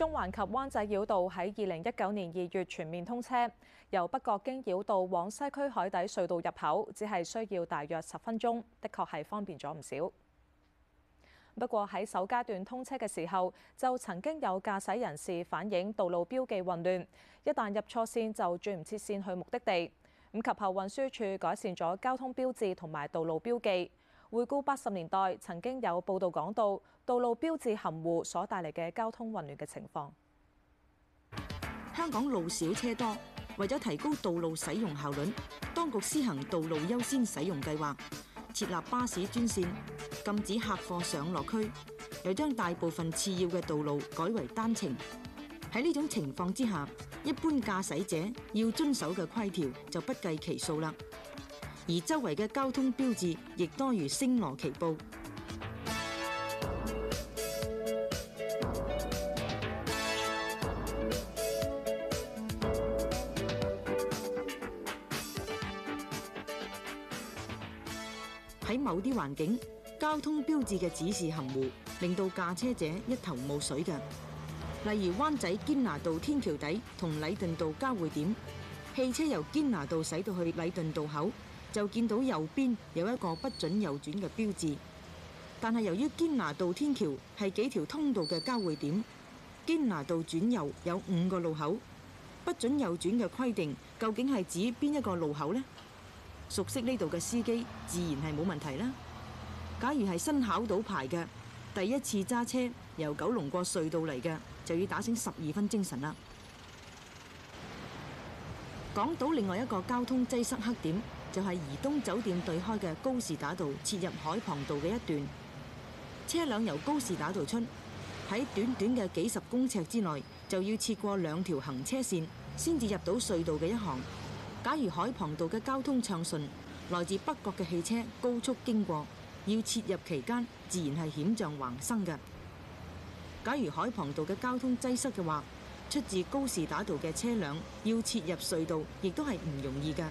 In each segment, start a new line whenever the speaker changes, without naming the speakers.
中環及灣仔繞道喺二零一九年二月全面通車，由北角經繞道往西區海底隧道入口，只係需要大約十分鐘，的確係方便咗唔少。不過喺首階段通車嘅時候，就曾經有駕駛人士反映道路標記混亂，一旦入錯線就轉唔切線去目的地。咁及後運輸處改善咗交通標誌同埋道路標記。回顧八十年代，曾經有報道講到道路標誌含糊所帶嚟嘅交通混亂嘅情況。
香港路少車多，為咗提高道路使用效率，當局施行道路優先使用計劃，設立巴士專線，禁止客貨上落區，又將大部分次要嘅道路改為單程。喺呢種情況之下，一般駕駛者要遵守嘅規條就不計其數啦。而周圍嘅交通標誌亦多如星羅棋布。喺某啲環境，交通標誌嘅指示含糊，令到駕車者一頭霧水嘅。例如灣仔堅拿道天橋底同禮頓道交匯點，汽車由堅拿道駛到去禮頓道口。就見到右邊有一個不准右轉嘅標誌，但係由於堅拿道天橋係幾條通道嘅交匯點，堅拿道轉右有五個路口，不准右轉嘅規定究竟係指邊一個路口呢？熟悉呢度嘅司機自然係冇問題啦。假如係新考到牌嘅，第一次揸車由九龍過隧道嚟嘅，就要打醒十二分精神啦。港島另外一個交通擠塞黑點。就係怡東酒店對開嘅高士打道切入海傍道嘅一段，車輛由高士打道出，喺短短嘅幾十公尺之內就要切過兩條行車線，先至入到隧道嘅一行。假如海傍道嘅交通暢順，來自北角嘅汽車高速經過，要切入期間，自然係險象橫生嘅。假如海傍道嘅交通擠塞嘅話，出自高士打道嘅車輛要切入隧道，亦都係唔容易嘅。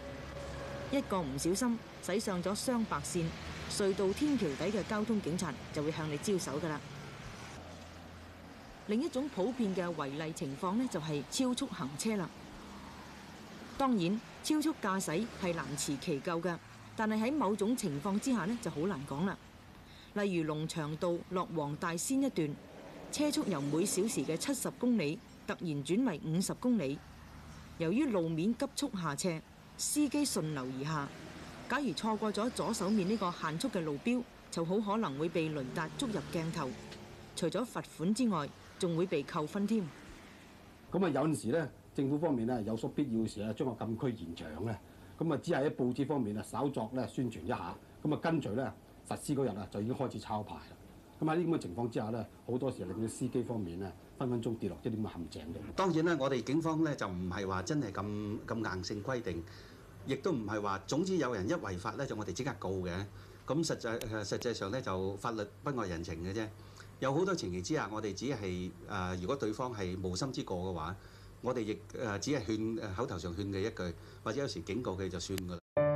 一個唔小心，駛上咗雙白線隧道天橋底嘅交通警察就會向你招手噶啦。另一種普遍嘅違例情況呢，就係超速行車啦。當然，超速駕駛係難辭其咎噶，但係喺某種情況之下呢就好難講啦。例如龍翔道落黃大仙一段，車速由每小時嘅七十公里突然轉為五十公里，由於路面急速下斜。司機順流而下，假如錯過咗左手面呢個限速嘅路標，就好可能會被雷達捉入鏡頭。除咗罰款之外，仲會被扣分添。
咁啊，有陣時咧，政府方面啊，有所必要時啊，將個禁區延長咧，咁啊，只係喺報紙方面啊，稍作咧宣傳一下，咁啊，跟隨咧實施嗰日啊，就已經開始抄牌啦。咁喺呢咁嘅情況之下咧，好多時令到司機方面啊，分分鐘跌落一啲陷阱度。當然啦，我哋警方咧就唔係話真係咁咁硬性規定。亦都唔係話，總之有人一違法咧，就我哋即刻告嘅。咁實際實際上咧，就法律不外人情嘅啫。有好多情形之下，我哋只係誒，如果對方係無心之過嘅話，我哋亦誒只係勸口頭上勸佢一句，或者有時警告佢就算噶啦。